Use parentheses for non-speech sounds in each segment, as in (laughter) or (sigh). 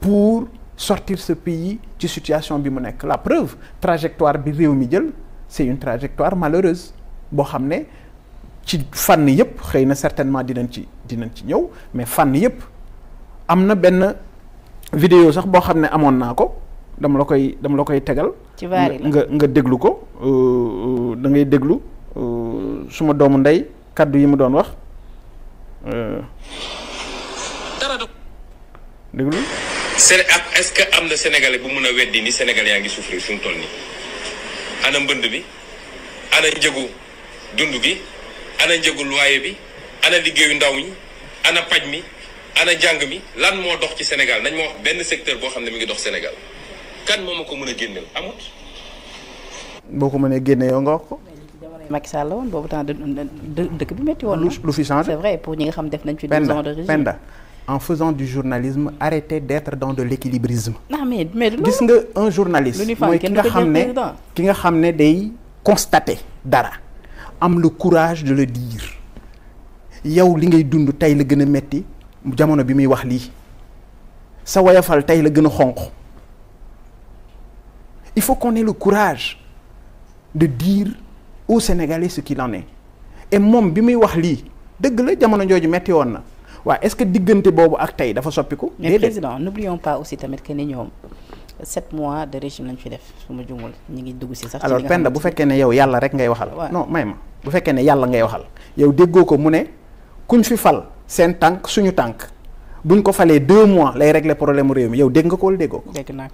pour sortir ce pays ci situation bi mu nekk la preuve trajectoire bi réew mi jël c'est une trajectoire malheureuse boo xam ne ci fànn yépp xëy na certainement dinañ ci dinañ ci ñëw mais fànn yépp am na benn vidéo sax boo xam ne amoon naa ko dama la koy dama la koy tegal nga nga déglu ko euh, euh, da ngay déglu euh, suma doomu ndey kàddu yi mu doon wax déglu. Séné est-ce que am na sénégalais bu mun a weddi ni sénégalais yaa ngi souffrir fi mu toll nii ana mbënd bi ana njëgu dund gi ana njëgu loyer bi ana liggéeyu ndaw ñi ana paj mi ana jàng mi lan moo dox ci Sénégal nañ ma wax benn secteur boo xam ne mi ngi dox Sénégal kan moo ma ko mën a génneel amut. boo ko mënee génne yow nga wax ko. Macky Sall la woon boobu temps dë dëkk bi métti woon. lu fi changé c'est pour ñi nga xam def nañ fi. deux ans de régime Penda en faisant du journalisme arrêter d'être dans de l'équilibrisme gis nga un journaliste mooy ki nga xam ne ki nga xam ne day constater dara am le courage de le dire yow li ngay dund tey la gën a metti jamono bi muy wax lii sa wayafal tey la gën a xonq il faut qu'on ait le courage de dire aux Sénégalais ce qu'il en et moom bi muy wax lii dëgg la jamono jooju metti woon na waa est-ce que diggante boobu ak tey dafa soppiku. mais président n'oublions pas aussi tamit que ni ñoom. sept mois de régime lañ fi def su ma jumul ñu ngi dugg si sax. alors Penda bu fekkee ne yow yàlla rek ngay waxal. non may ma bu fekkee ne yàlla ngay waxal. yow déggoo ko mu ne kuñ fi fal seen tànk suñu tànk buñ ko falee deux mois lay régler problème mu réew mi yow dégg nga ko wala déggoo ko. dégg naa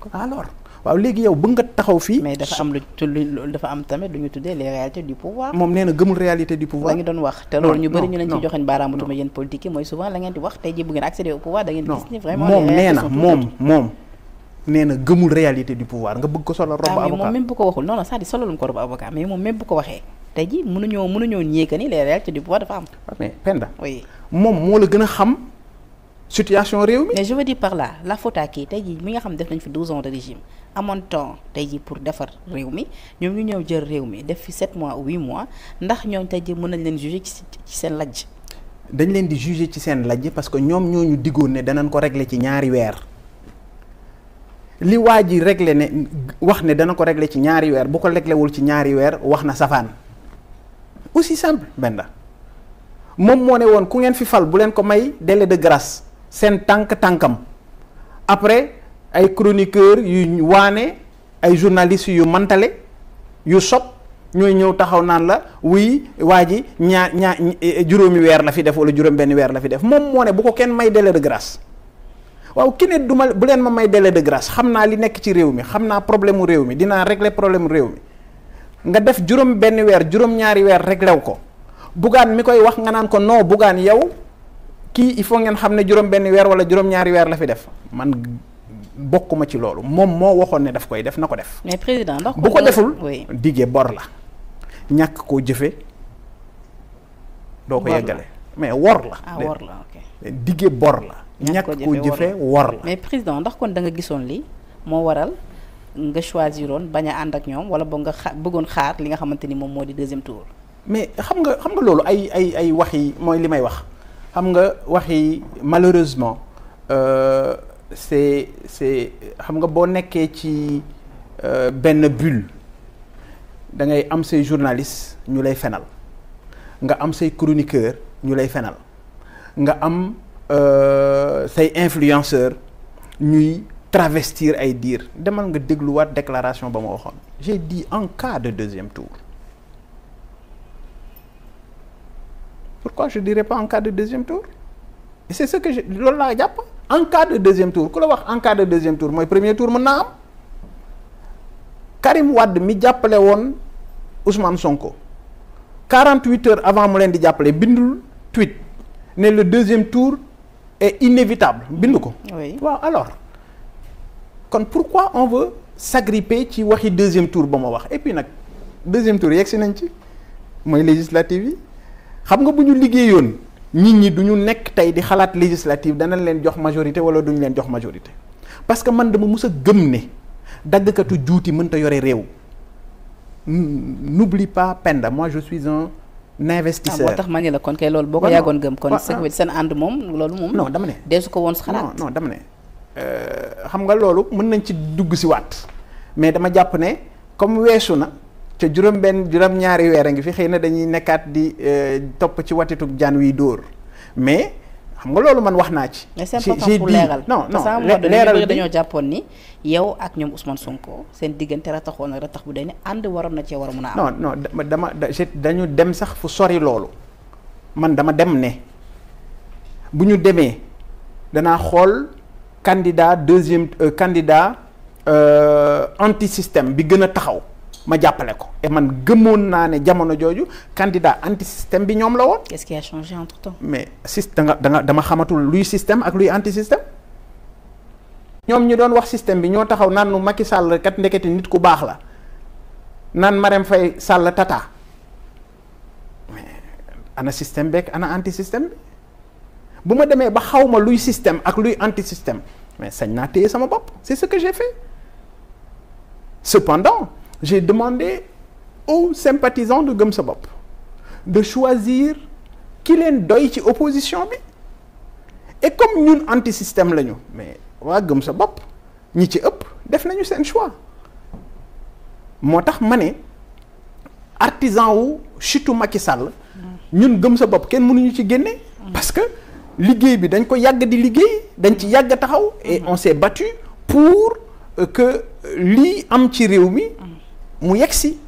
waaw léegi yow bëgg nga taxaw fii. mais dafa am lu dafa am tamit lu ñu tuddee les réalités du pouvoir. moom nee na gëmul réalité du pouvoir. moom nee na gëmul réalité du pouvoir nga bëgg ko solo robe ah, avocat moom même bu ko waxul non non cest à ko robe avocat mais moom même bu ko waxee tey jii mënuñoo mënuñoo ñeeka ni les réalités du pouvoir dafa am ah, Penda moom moo la gën a xam situation réew mi. mais je veux dire par la faute kii tey jii mi nga xam def nañ fi 12 ans de régime amoon temps tey jii pour defar réew mi ñoom ñu ñëw jël réew mi def fi 7 mois ou 8 mois ndax ñooñ tey jii mën nañ leen juger ci seen lajj. dañ leen di juger ci seen lajj parce que ñoom ñoo ñu diggoon ne danañ ko régler ci ñaari weer li waa ji régler ne wax ne dana ko régler ci ñaari weer bu ko leglewul ci ñaari weer wax na safaan aussi simple benn moom moo ne woon ku ngeen fi fal bu leen ko may délai de grâce. seen tànk tànkam après ay chroniqueur yu waane ay journalistes yu mantale yu sob ñooy ñëw taxaw naan la wuy waa ji ñaar ñaar juróomi weer la fi def wala juróom benn weer la fi def moom moo ne bu ko kenn may délai de grâce waaw ki ne du ma bu leen ma may délai de grâce xam naa li nekk ci réew mi xam naa problème mu réew mi dinaa régler problème mu réew mi nga def juróom benn weer juróom ñaari weer réglew ko bugaan mi koy wax nga naan ko non bugaan yow kii il faut ngeen xam ne juróom benn weer wala juróom ñaari weer la fi def man bokkuma ci loolu moom moo waxoon ne daf koy def na ko def. mais président ndax bu ko deful diggee bor la. ñàkk koo jëfe doo ko yeggale mais wor la. ah wor la ok diggee bor la. ñàkk koo jëfe wor la mais président ndax kon da nga gisoon lii moo waral. nga choisiroon bañ a ànd ak ñoom wala boog nga xa bëggoon xaar li nga xamante ni moom moo di deuxième tour. mais xam nga xam nga loolu ay ay ay wax yi mooy li may wax. xam nga wax yi malheureusement euh, c'est c'est xam nga boo nekkee ci euh, benn bulle da ngay am say journaliste ñu lay fenal nga am say chroniqueur ñu lay fenal nga am euh, say influenceur ñuy travestir ay diir demal nga dégluwaat déclaration ba ma waxoon j'ai dit en cas de deuxième tour pourquoi je dirais pas en cas de deuxième tour c'est ce que je loolu laa jàpp en cas de deuxième tour ku la wax en cas de deuxième tour mooy premier tour mën naa am Karim Wade mi jàppale woon Ousmane Sonko 48 heures avant mu leen di jàppale bindul tweet ne le deuxième tour est inévitable bind ko. oui waaw alors kon pourquoi on veut s'agripper ci waxi deuxième tour ba ma wax et nag deuxième tour yegg si nañ ci mooy législative yi. xam nga bu ñu liggéeyoon nit ñi du ñu nekk tey di xalaat législative danañ leen jox majorité wala duñ leen jox majorité parce que man dama mus a gëm ne daggkatu juuti mënta yore réew n'oublie pas Penda mois je suis un investisseur ah, moo tax ma ne la kon kay loolu boo ko yàggoon gëm kon ah. seen ànd moom loolu moom non dama ne deesu ko woon xalaat non dama ne euh, xam nga loolu mën nañ ci dugg si mais dama jàpp ne comme weesu na te juróom benn juróom ñaari weer a ngi fi xëy na dañuy nekkaat di euh, topp ci watitu jaan wiy dóor mais xam nga loolu man wax naa ci. mais c'est important pour leeral non non leeral dañoo jàppoon ni yow ak ñoom Ousmane Sonko seen diggante rataxoon ak ratax bu day ànd waroon na cee war a mun a am. non non dama dañu dem sax fu sori loolu man dama dem ne bu ñu demee danaa xool candidat deuxième euh, candidat euh, anti système bi gën a taxaw. ma jàppale ko et man gëmoon naa ne jamono jooju candidat anti système bi ñoom la woon. qu'est-ce qui a mais sys da nga da nga dama xamatul luy système ak luy anti système. ñoom ñu doon wax système bi ñoo taxaw naan nu Macky Sall kat ndekete nit ku baax la naan ma Faye Sall tata mais ana système beeg ana anti système bi bu ma demee ba xaw ma luy système ak luy anti système mais sañ naa téye sama bopp c'est ce que j'ai fait cependant. j'ai demandé aux sympathisants de Gëm sa bopp de choisir ki leen doy ci opposition bi et comme ñun antisystème lañu mais waa Gëm sa bopp ñi ci ëpp def nañu seen choix moo tax ma ne artisan wu chutu Macky Sall ñun Gëm sa bopp kenn mënuñu ci génne parce que liggéey bi dañ ko yàgg di liggéey dañ ci yàgg a taxaw et on s'est battu pour que lii am ci réew mi mu yegg si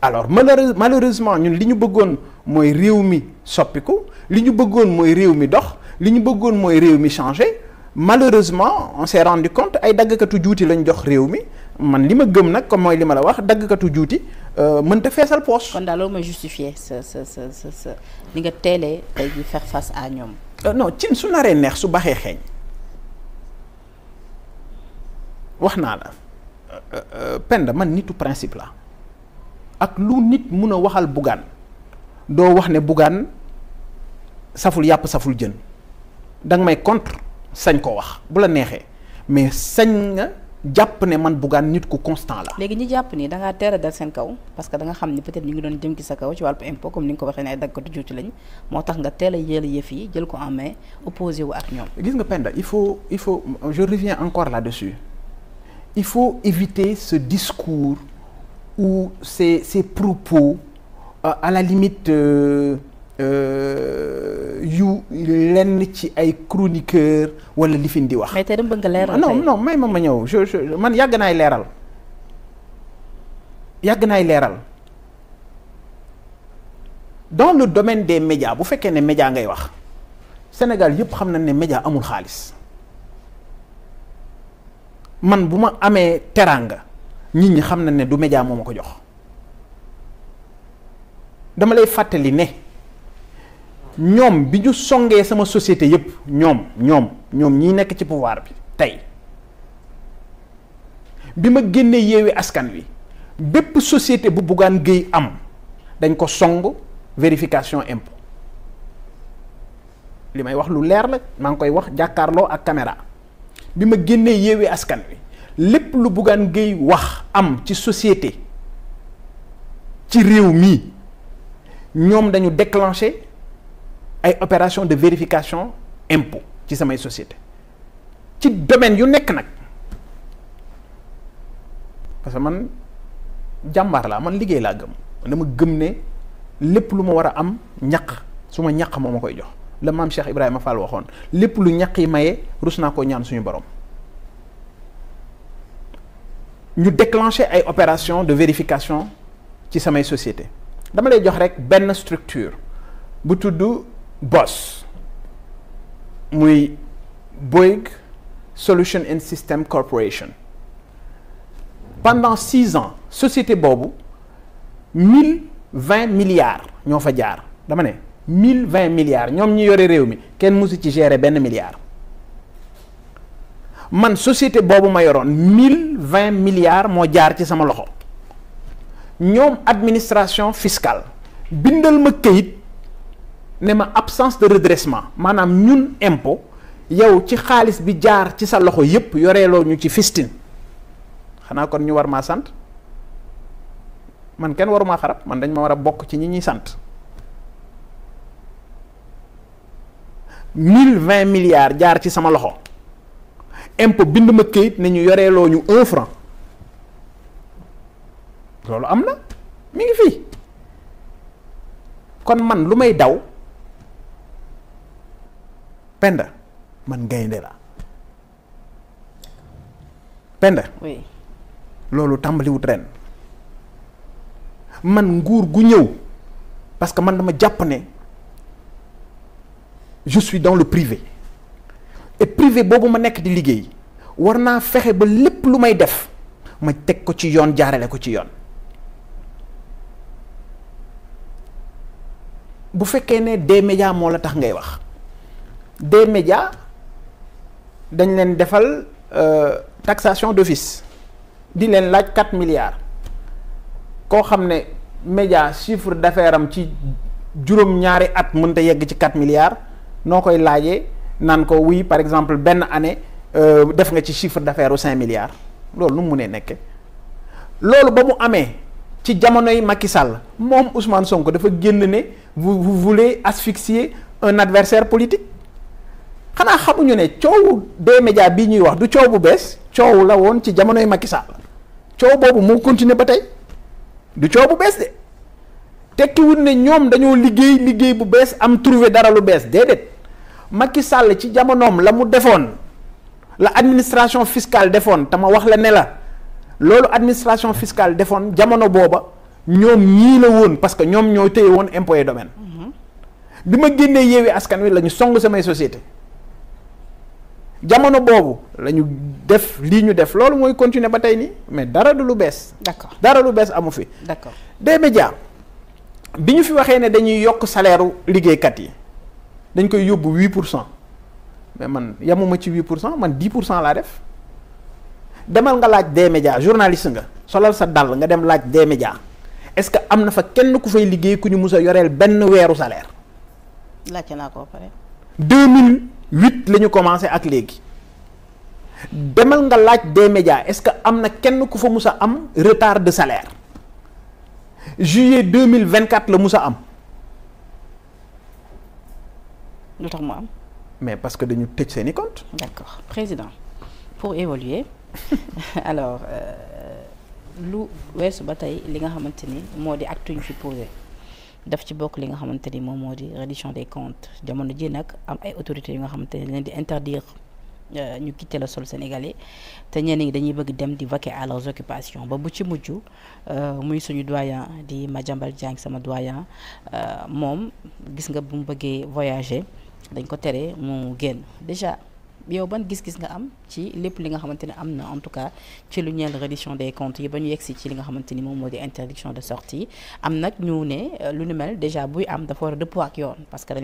alors malheureux malheureusement ñun li ñu bëggoon mooy réew mi soppiku li ñu bëggoon mooy réew mi dox li ñu bëggoon mooy réew mi changé malheureusement on s'est rendu compte ay daggkatu juuti lañ jox réew mi man li ma gëm nag comme mooy li ma la wax daggkatu juuti euh, mënta feesal poche. kon daal loolu ma justifier sa sa sa sa nga teelee tey jii face à ñoom. Euh, non cin su naree neex su baxee xeeñ wax naa la. Penda man nitu principe la ak lu nit mun a waxal Bougane doo wax ne Bougane saful yàpp saful jën danga may contre sañ ko wax bu la neexee mais sañ nga jàpp ne man Bougane nit ku constant la. léegi ñu jàpp ni da ngaa teel a dal seen kaw parce que da nga xam ni peut-être ngi doon jëm ci sa kaw ci wàllu impôt comme ni nga ko waxee ne ay daggatu juuti lañ moo tax nga teel a yéel yëf yi jël ko en main opposé wu ak ñoom. gis nga pend il faut il faut je reviens encore là-dessus. il faut éviter ce discours ou ces, ces propos euh, à la limite euh, euh, yu lenn ci ay chroniqueur wala li di wax. mais tey dama bëgg nga leeral non non may ma ma ñëw je man yàgg naay leeral yàgg naay leeral dans le domaine des médias bu fekkee ne média ngay wax Sénégal yëpp xam nañ ne média amul xaalis. man bu ma amee teraanga nit ñi xam na ne du média moom ma ko jox dama lay fàttali ne ñoom bi ñu songee sama société yépp ñoom ñoom ñoom ñi nekk ci pouvoir bi tey bi ma génnee yeewi askan wi bépp société bu Bougane Gueye am dañ ko song vérification impôt li may wax lu leer la maa ngi koy wax jàkkaarloo ak caméra bi ma génnee yeewee askan wi lépp lu Bougane Gueye wax am ci société ci réew mii ñoom dañu déclenché ay opération de vérification impôt ci samay société ci domaine yu nekk nag parce que man jàmbaar laa man liggéey laa gëm dama gëm ne lépp lu ma war a am ñaq su ma ñaq moo ma koy jox la maam Cheikh Ibrahima Fall waxoon lépp lu ñaq yi maye rus naa koo ñaan suñu borom ñu déclenché ay opération de vérification ci samay société dama lay jox rek benn structure bu tudd BOS muy Bouygues Solution and System Corporation pendant six ans société boobu mille vingt milliards ñoo fa jaar dama ne mille vingt milliards ñoom ñi yore réew mi kenn musu ci gérer benn milliard man société boobu ma yoroon mille vingt milliards moo jaar ci sama loxo ñoom administration fiscale bindal ma këyit ne ma absence de redressement maanaam ñun impôt yow ci xaalis bi jaar ci sa loxo yépp yoreeloo ñu ci fistin xanaa kon ñu war maa sant man kenn waruma xarab man dañ ma war a bokk ci ñi ñuy sant mille vingt milliards jaar ci sama loxo impôt bind ma këyit ne ñu yoreeloo ñu un franc loolu am na mi ngi fii kon man lu may daw penda man gaynde la penda loolu tàmbaliwut ren man nguur gu ñëw parce que man dama jàpp ne je suis dans le privé et privé boobu ma nekk di liggéey war naa fexe ba lépp lu may def ma teg ko ci yoon jaarale ko ci yoon bu fekkee ne des médias moo la tax ngay wax des médias dañ leen defal euh, taxation d'office di leen laaj quatre milliards koo xam ne média chiffre d'affaires am ci juróom-ñaari at mënta yegg ci quatre milliards noo koy laajee naan ko wuy par exemple benn année euh, def nga ci chiffre d'affaires u cinq milliards loolu nu mu munee nekke loolu ba mu amee ci jamonoy Macky Sall moom Ousmane sonk dafa génn ne vous vous voulez asphyxier un adversaire politique xanaa xamuñu ne coowu des médias bii ñuy wax du coow bu bees coow la woon ci jamonoy Macky Sall coow boobu moo continuer ba tey du coow bu bees de tekkiwul ne ñoom dañoo liggéey liggéey bu bees am trouver dara lu bees déedéet. ki Sall ci jamonoom la mu defoon la administration fiscale defoon te ma wax la ne la loolu administration fiscale defoon jamono booba ñoom ñii la woon parce que ñoom ñoo téye woon impôt domaine mhm. bi ma génnee yeewi askan wi la ñu song samay société jamono boobu la ñu def lii ñu def loolu mooy continuer ba tey nii mais dara du lu bees. d'accord dara lu bees amu fi. d'accord des médias bi ñu fi waxee ne dañuy yokk salaire liggéeykat yi. dañ koy yóbbu huit pour cent mais man yamuma ci huit pour cent man dix pour cent laa def demal nga laaj des médias journaliste nga solal sa dàll nga dem laaj des médias est-ce que am na fa kenn ku fay liggéey ku ñu mus a yoreel benn weeru salaire. laajte naa ko pare. 2008 la ñu commencé ak léegi demal nga laaj des médias est-ce que am na kenn ku fa mus a am retard de salaire juillet 2024 la mus a am. tax mu am. mais parce que dañu tëj seeni compte d' président pour évoluer (laughs) alors euh, lu weesu ba tey li nga xamante ni moo di acte ñu fi posé daf ci bokk li nga xamante ni moom moo di reddition des comptes jamono ji nag am ay autorités yu nga xamante ni leen di interdire euh, ñu quitter le sol sénégalais te ñenn ñi dañuy bëgg dem di vaquer à leurs occupations ba bu ci mujj euh, muy suñu doyen di ma Madiambal jàng sama doyen moom gis nga bu mu bëggee voyager dañ ko tere mu génn déjà yow ban gis-gis nga am ci lépp li nga xamante ne am na en tout cas ci lu ñeel reddition des comptes yi ba ñu yegsi ci li nga xamante ni moom moo di interdiction de sortie am nag ñu ne lu ni mel déjà buy am dafa war a dëppoo ak yoon parce que